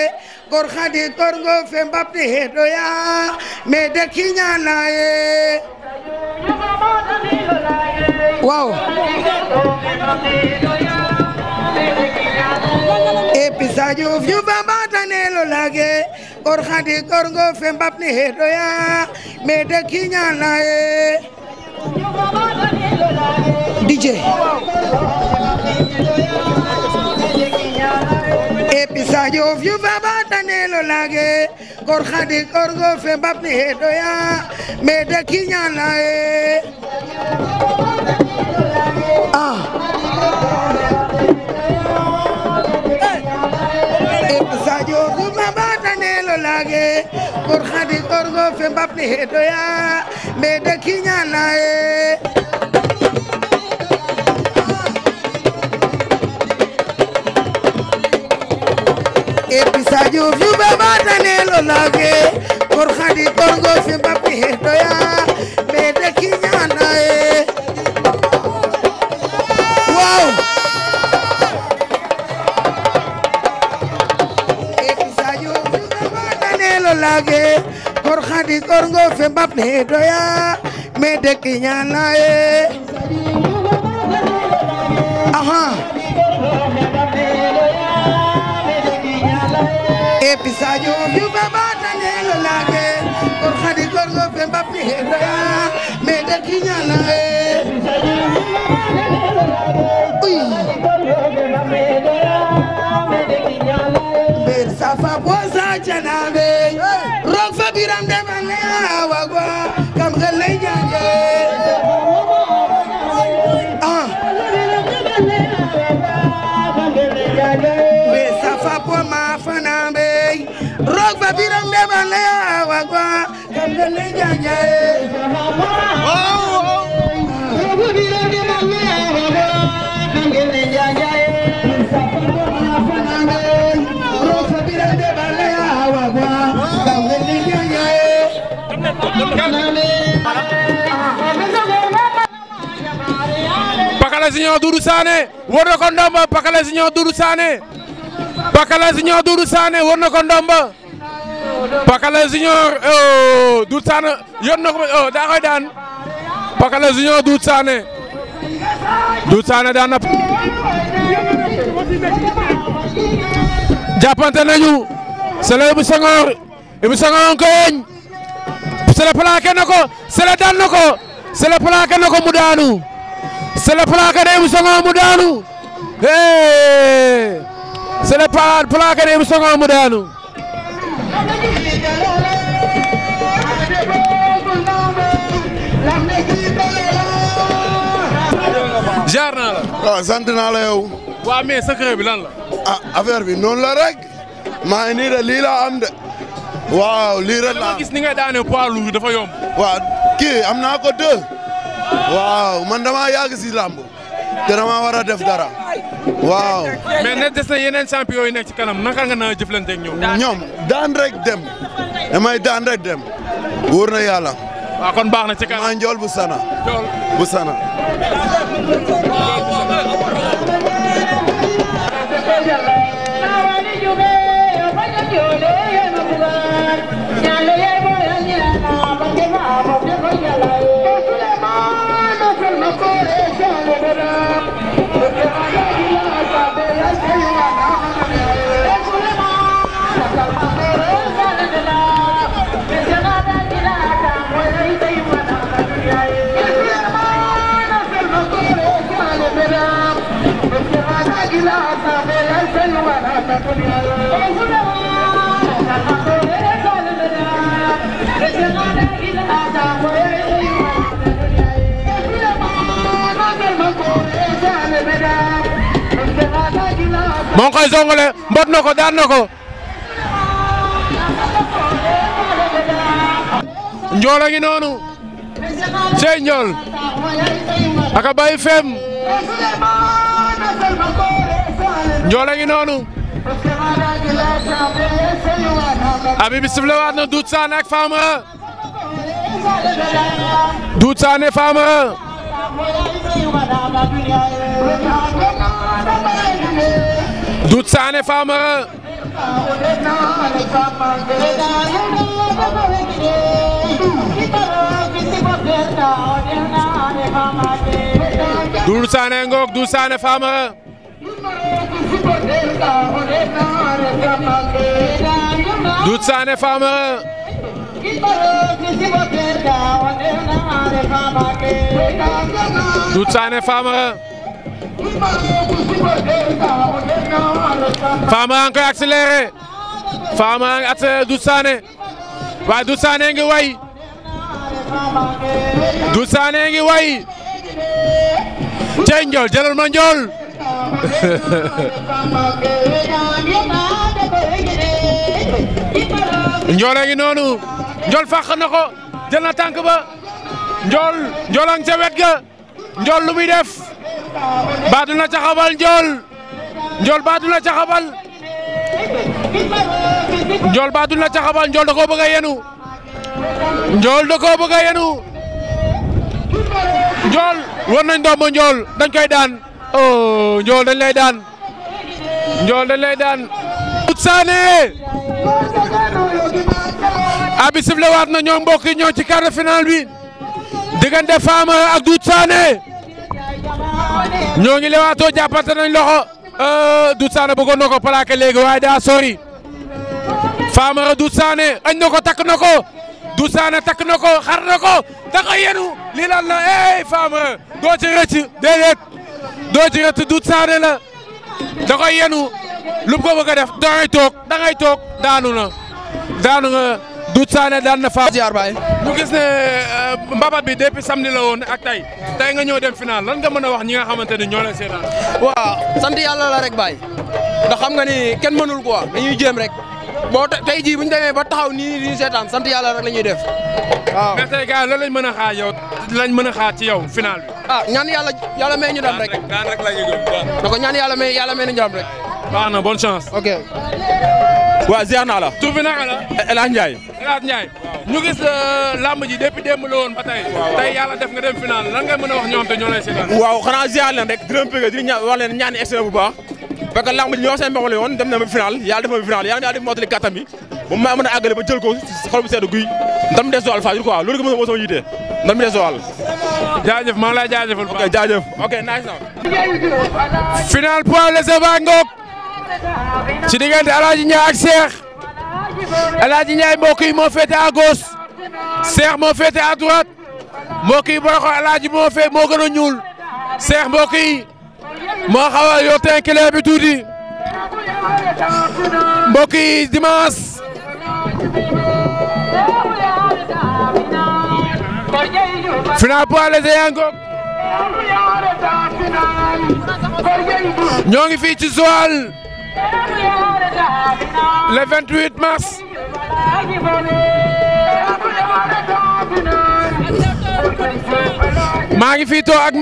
gor khadi korgo fe mbapte heɗoya me de kiñanaye waaw e pisajo fiufa mbatanelo lage gor khadi korgo fe mbapne heɗoya me de kiñanaye DJ Episa Diouf yu baba tanelo lage gor khadi gor go fe ni hedo ya me de kinyana e ah. lage Mor Khady gorgo fe mbapni he doya mbede kiñana e e Pissa Diouf yube batanelo lage Mor Khady gorgo fe mbapni he doya mbede kiñana lage kor xadi kor ngo fe mbap ne doya me dëkk ñaana ye aha e baba tane lo kor xadi kor ngo fe mbap ne doya me dëkk ñaana bir safa bosa janabe rok fa biram dem ne wago kam xelle jange ah bir safa po ma fanabe rok fa biram dem ne wago kam xelle jange oh oh Pakala Junior Doudou Sané war na Pakala Junior Doudou Sané Pakala Junior Pakala Junior oh, Doudou Sané yoon na ko oh, daa daan Pakala Junior Doudou Sané Doudou Sané daan na jàppante nañu Sele Ibou Senghor Ibou Senghor ko Sele plaqué na ko Sele daan na ko Sele plaqué na ko mu daanu Sele plaqué na Ibou Senghor mu daanu Sele plaqué na Ibou Senghor mu daanu jaar naa la. waaw ah, sant naa la yow. waa mais secret bi lan la. ah affaire bi noonu la rek maa ngi nii de lii laa am de. waaw lii ren gis ni ngay daane poids lourd dafa yomb. waaw kii am naa ko deux. waaw man damaa yàgg si làmb. te damaa war a def dara. waaw. mais ne des na yeneen champion yi nekk ci kanam naka nga naa jëflanteeg ñoom. ñoom daan rek dem. damay daan rek dem. wóor na yàlla. waaw kon baax na ci kanam maa bu sana. bu sana. إلى سبيل ولا تطلع moo ngi koy na ko daan na ko njool a ngi noonu sey njool aka bay fem Ndiol a ngi noonu. Habib sifle waat na Doudou Sané ak Famara. Doudou Sané Famara. Doudou Sané Famara. Doudou Sané Famara Doudou Sané Famara Famara nga koy accéléré Famara nga way Doudou Sané way cey njool jëlal Njoola ngi noonu Njool fàq na ko na tànk ba Njool Njoola nga ca wet ga Njool lu muy def baatu na caxabal Njool Njool baatu na ca Njool baatu na caxabal Njool da koo bëgg yenu Njool da koo yenu Njool war nañ doomu Njool dañ koy daan. oh Ndiol dañ lay daan Ndiol dañ lay daan. Doudou Sané. abi sifle waat na ñoom mbokk yi ñoo ci quart de finale bi diggante Fama ak Doudou Sané ñoo ngi lewaatoo jàppante nañ loxo euh, Doudou Sané bëggoon na ko plaqué waaye daa sori Fama ak Doudou añ na ko takk na ko Doudou Sané takk na ko xar na ko yenu lii lan la eh Fama rëcc déedéet. doo ci rëtt duut saane la yenu lu ko bëgg a def da ngay toog da ngay toog daanu na daanu nga duut saane daan na faa. jaar baay ñu gis ne euh, mbabat bi depuis samedi la woon ak tey tey nga ñëw dem final lan nga mën a wax ñi nga xamante ni ñoo leen seetaan. waaw sant yàlla la rek baay ndax xam nga ni kenn mënul quoi dañuy jéem rek. boo te jii bu ñu demee ba taxaw nii nii seetaan sant yàlla rek la ñuy def waaw. mais tey gars lan lañ mën a xaar yow lañ mën a xaar ci yow final bi. ah ñaan yàlla yàlla may ñu dam rek daan rek la ñuy yàlla may yàlla may ñu dam rek. baax na bonne chance. ok. waa ziar naa la. tur bi naka la. El Hadj Ndiaye. El ñu gis euh, làmb ji depuis démb la woon ba tey. tey yàlla def nga dem final lan nga mën a wax ñaan wax parce que lamb ji ñoo seen mboq la woon dem na ba final yàlla def na ba def mottali bi ba mu mën a àggale ba jël ko xol bu sedd guy ndam des Joal Fadiouth des Joal. jaajëf maa ngi lay jaajëfal. ok jaajëf ok nice na. final point les avangok ci diggante El Hadj Ndiaye ak Cheikh El Hadj Ndiaye mbokk yi moo féete à gauche Cheikh moo féete à droite mbokk yi boo ko El Hadj moo fee moo xaw a yottin clé tuuti mbokk yi dimanche final poids léger yaa ngoog ñoo ngi fii ci Joal le mars maa ngi fii too ak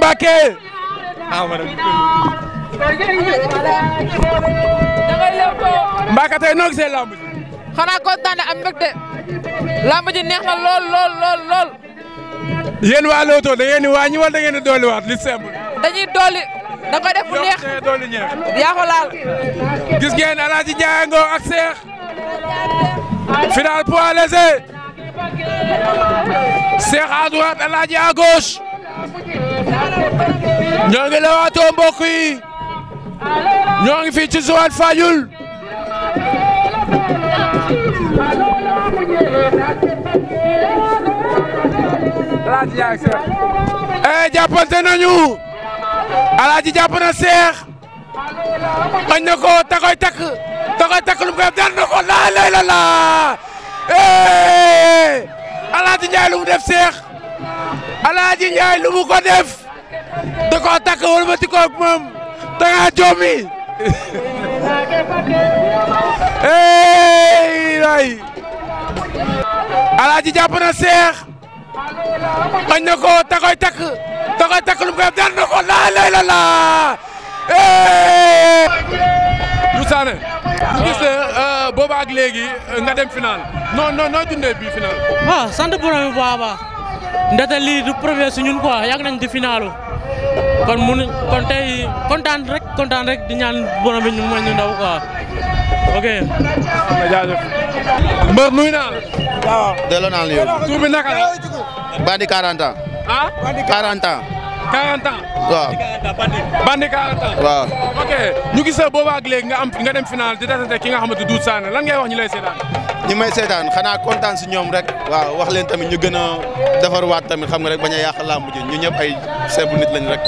Mbaaka tey noo gisee lamb xanaa kontaan na am mbégte. lamb ji neex na lool lool lool lool. waa Leewtoo da ngeen di ñi wala da ngeen di dolliwaat li simple. dañuy dolli da koy def neex yokk gis ngeen Alaaji Ndiago ak Cheikh. final poids léger. Cheikh à Alaaji à ñoo ngi lewaatoo mbokk yi ñoo ngi fii ci Joal Fadiouth ee eh, jàppante nañu alaaji jàpp na seex bañ na ko takoy takk takoy takk lu mu daan na ko laa lay ee alaaji njaay lu mu def seex Alaaji Njaay lu ko def da takk wëlbati ko ak moom da ngaa jommi Alaaji jàpp na seex bañ na ko da koy takk da takk lu ko def daan na ko laa lay la laa saane ñu gis euh, booba ak léegi nga dem final non non noo dundee bii final waaw ah, sant ndate lii du premier si ñun quoi yàgg nañ di finaalu kon mun kon tey kontaan rek kontaan rek di ñaan borom bi ñu mën ñu ndaw quoi ok. jaajëf. mbër nuyu naa la. waaw delloo naa la yow. bi naka la. Bandi 40 ans. ah. 40 ans. 40 ans. waaw. Bandi 40 ans. waaw. ñu gis sa boobaa ak léegi nga am nga dem final di desante ki nga xamante ne Doudou Sané lan ngay wax ñu lay seetaan. ñi may seetaan xanaa kontaan si ñoom rek waaw wax leen tamit ñu gën a defarwaat tamit xam nga rek bañ a yàq làmb ñu ñëpp ay simple nit lañ rek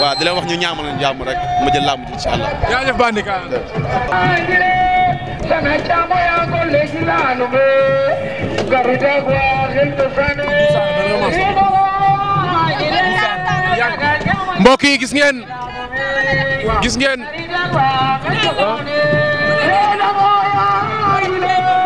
waaw di wax ñu ñaamal leen jàmm rek ma jël làmb ji incha allah. jaajëf Bandika. mbokk yi gis ngeen. gis ngeen.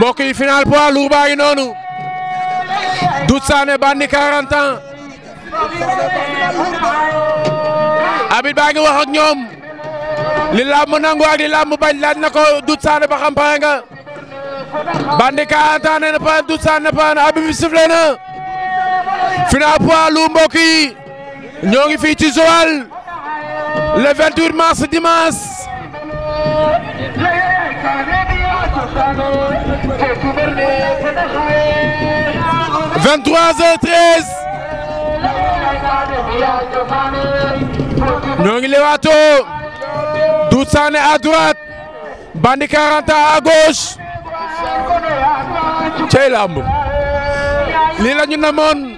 mbokk yi final poids lourd baa ngi noonu Doudou Sané bandi 40 abit baa ngi wax ñoom li làmb nangu ak li làmb bañ laaj na ko Doudou Sané ba xam bandi 40 ans na pare Doudou Sané na abit bi sifflé na final poids lourd mbokk yi ñoo ngi fii ci Joal le 28 mars dimanche. 23h13 ñoo ngi leewaato Doudou Sané à droite Bandi 40 à gauche lii la ñu namoon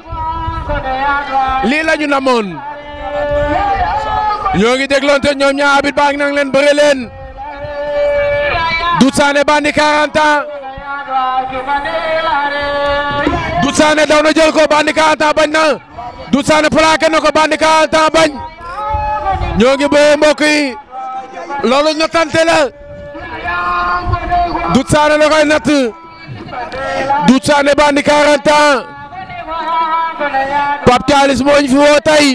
lii la ñu namoon ñoo ngi dégloonte baa ngi nang leen bëre leen Bandi 40 Doudou Sané daw na ko Bandika bañ na Doudou Sané plaqué na ko bañ ñoo ngi bëyee mbokk yi loolu nattante la Doudou Sané la koy natt Doudou Sané Bandika Altan Pape woo tey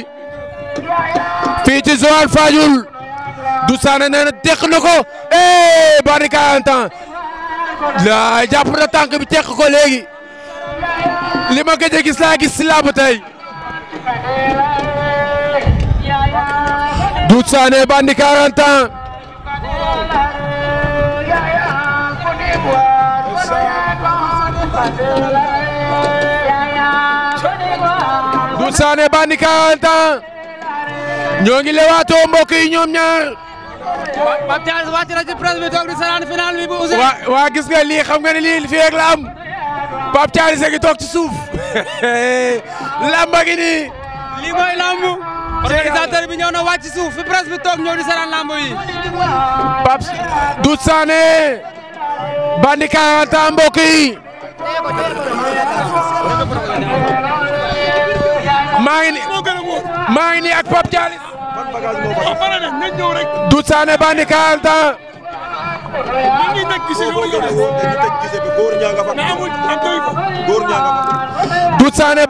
fii ci Joal Fadiouth Doudou Sané nee na teq na laa jàpp na tànk bi teq ko léegi li ma gëj a laa gis si tey Doudou Sané bandi 40 ans Doudou Sané bandi ñoom ñaar Pape Thialis wàcc na ci presse bi toog di saraan final bi bu Ousseyn. gis nga lii xam nga lii fii rek la am Pape Thialis a ngi toog ci suuf lamba gi nii. lii mooy lamb. organisateur bi ñëw na ci suuf fi presse bi toog ñëw di saraan lamb yi. Pape Doudou Sané Bandit maa ngi ni maa ngi ni ak Pape Thialis. Doudou Sané bandi 40 ans. Doudou Sané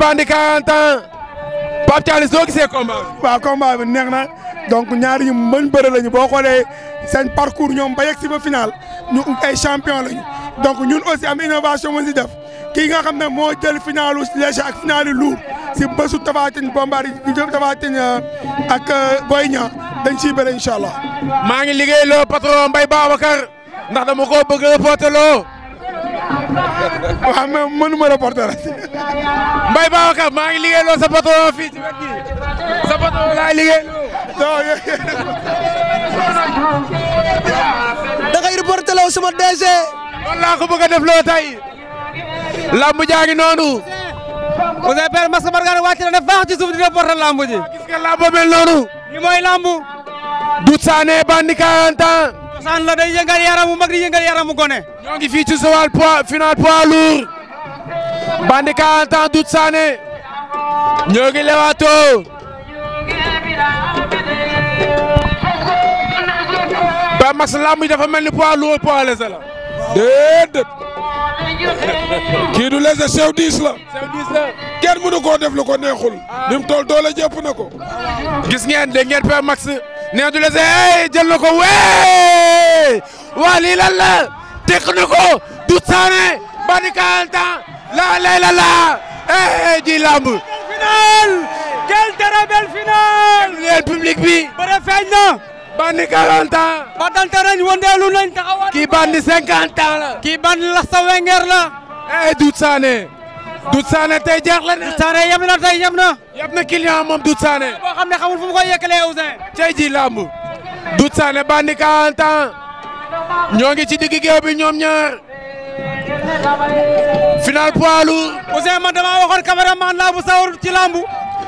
Pape Thialis soo gisee combat bi. waaw combat bi neex na donc ñaari ñu mën bëre lañu boo xoolee sen parcours ñoom ba yegg si ba final ñu ay champion lañu donc ñun aussi am innovation mu si def kii nga xam ne moo jël finalu léger ak finalu lourd si bésu Tapha Tine Bombardier di jël Tapha Tine euh, ak euh, Boy Niang dañ siy bëre incha allah. maa ngi liggéey loo patron Mbaye Babacar ndax dama koo bëgg a reporté loo waaw man mënuma reporter rek. Mbaye Babacar maa ngi liggéeyaloo sa patron fii ci wet sa patron laay liggéeyaloo. non yooyu. da ngay reporter loo sama DG. loolu laa ko def loo tey. lamb jaa ngi noonu. Ouzin Père Max Mbargane wàcc na def baax ci suuf di reporter lamb ji. mel noonu. li mooy lamb. Doudou Sané cosaan la day yëngal yaramu mag di yëngal yaramu gone. ñoo ngi fii ci Joal poids final poids lourd. Bandit 40 ans Doudou Sané. ñoo ngi lewaatoo. ba max lamb yi dafa mel ni poids lourd poids léger la. déedéet. kii du léger chef diis diis la. kenn mënu koo def lu ko neexul. Ah. ni mu doole jëpp na ko. Ah, gis ngeen dégg ngeen ba max. Neex du lese hey jël na ko wey waa lii lan na ko Doudou Sané badi quarante ans la lay la ji lamb final quel très bel final le public bi bëre feeñ na bandi 40 ans badante nañ wondeelu nañ taxawaat kii bandi 50 ans la kii bandi la wenger la hey Doudou Sané Doudou Sané tey jeexle la Doudou Sané yem na tey yem na. yem na client moom Doudou Sané. boo xam ne xamul fu mu koy yëkkalee Ouzin. tey jii làmb. Doudou Sané bandi 40 ans. ñoo ngi ci digg géew bi ñoom ñaar. final poids lourd. Ouzin man damaa waxoon cameraman laa bu sawar ci làmb.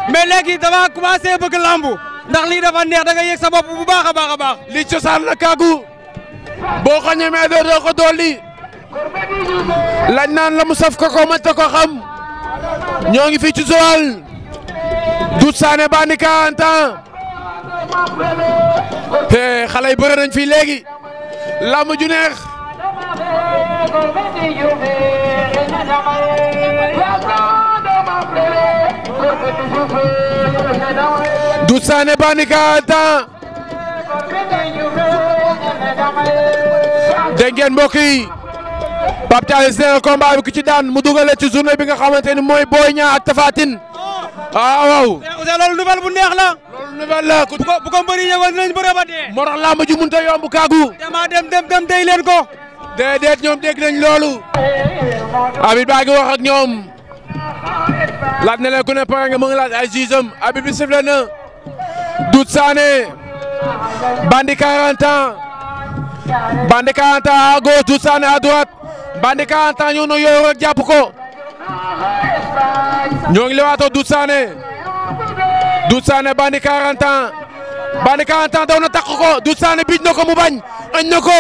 mais léegi damaa commencé bëgg làmb. ndax lii dafa neex da nga yëg sa bopp bu baax a baax a baax. li cosaan la kàggu. boo ko ñemee doo ko dolli. lañ naan la mu saf ko ko maj ko xam ñoo ngi fii ci Joal Doudou Sané Bandika en temps te nañ fii léegi làmb ju neex Doudou Sané Bandika en temps Pape Thialis nee na combat bi ku daan mu dugale ci journée bi nga xamante ni mooy Boy Niang ak Tapha Tine ah waaw. Eh, loolu nouvelle bu neex la. loolu nouvelle la bu ko bu ko mbëri yëngal dinañ ba dee. moo tax làmb ji a yomb kaagu. dama dem dem dem dey leen ko. déedéet ñoom dégg loolu. Habib baa ngi ñoom. laaj na leen ku ne pare nga mu ngi laaj ay jugeem Habib bi sifle na. Doudou Sané. Bandi 40 ans. Bandi 40 ans à gauche Doudou Sané Bandika en temps na yooyu rek jàpp ko ñoo ngi lewaatoo Doudou Sané Doudou Sané Bandika en temps Bandika en temps daw ko Doudou Sané biij na ko mu bañ añ na ko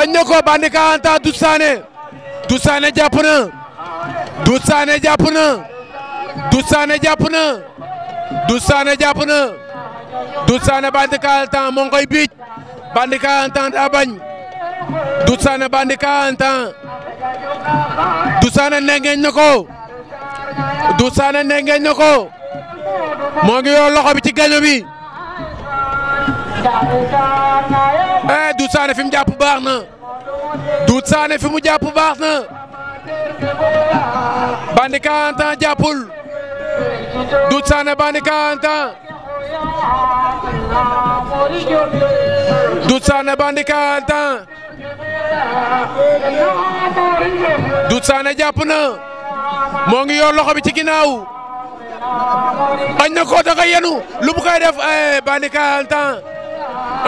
añ na ko Bandika en temps Doudou Sané Doudou Sané jàpp na Doudou Sané jàpp na Doudou Sané jàpp na Doudou Sané jàpp na Doudou Sané Bandika en daa bañ. Dutsane Bandika antan Dutsane nengeñ na ko Dutsane nengeñ na ko moo ngi loxo bi ci gaño bi eh Dutsane fi mu jàpp baax na Dutsane fi mu jàpp baax na Bandika antan jàppul Dutsane Bandika Doudou Sané jàpp na moo ngi yor loxo bi ci ginnaaw añ na ko da nga yenu lu koy def eh, Bandika Anta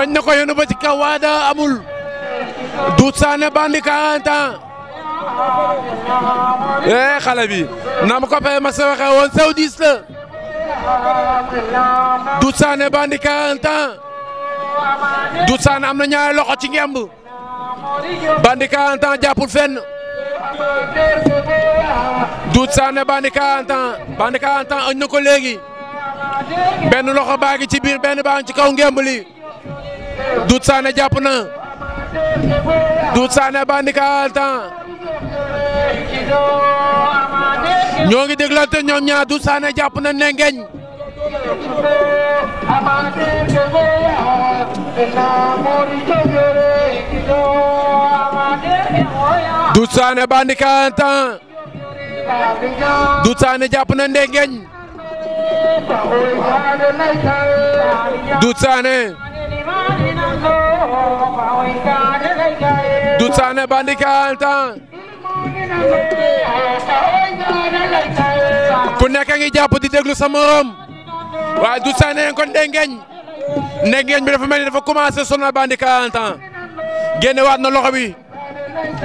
añ na ko yenu ba ci kaw waada amul Doudou Sané Bandika Anta eh xale bi na ma ko fay ma sa waxee woon saw diis la Doudou Sané Bandika Anta Doudou Sané am na ñaar loxo ci ngemb Bandika Antan jàppul fenn Doudou Sané Bandika Antan na ko léegi benn loxo baa ngi ci biir benn baa ngi ci kaw ngemb li Doudou Sané jàpp na Doudou Sané Bandika ñoo ngi déglante ñoom ñaar Doudou Sané jàpp na nengeñ Doudou Sané Bandit 40 ans Doudou jàpp na ndengeñ Doudou Sané Doudou Sané Bandit 40 ans ku nekk ngi jàpp di déglu sa morom waaye Doudou Sané kon ndengeñ ndengeñ bi dafa mel ni dafa commencé sonal Bandit 40 génnewaat na loxo bi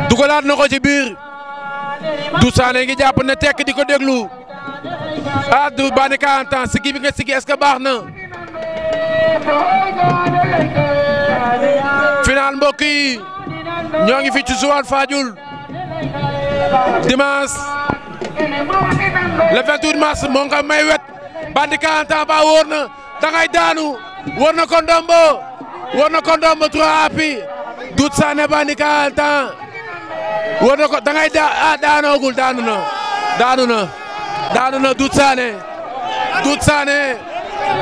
dugalaat na ko ci biir Doudou ngi jàpp ne tekk di ko déglu ah Doudou Sané 40 bi nga sigi est baax na. final mbokk yi ñoo ngi fi ci Joal Fadiouth dimanche mars moo nga may wet bandi 40 ans ba na dangay daanu wóor na ko ndombo wóor na ko ndombo 3 appuis. Doudou Sané Bandika temps war na ko da ngay da ah, daanoogul daanu na daanu na daanu na Doudou Sané Doudou Sané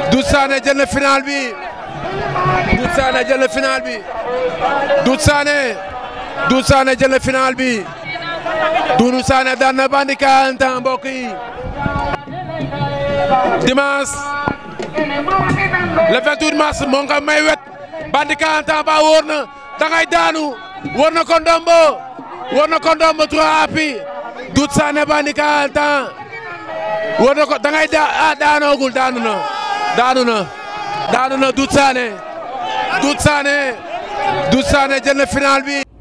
Doudou Sané bi Doudou Sané jël na final bi Doudou Sané Doudou bi Doudou Sané daan na Bandika temps mbokk yi dimanche le 28 mars may wet Bandika temps ba wóor na dangay daanu war na ko ndombo war na ko ndombo trois appuis Doudou Sané Bandika temps war na ko dangay da ah, daanoogul daanu na daanu na daanu na Doudou Sané Doudou Sané Doudou Sané jël bi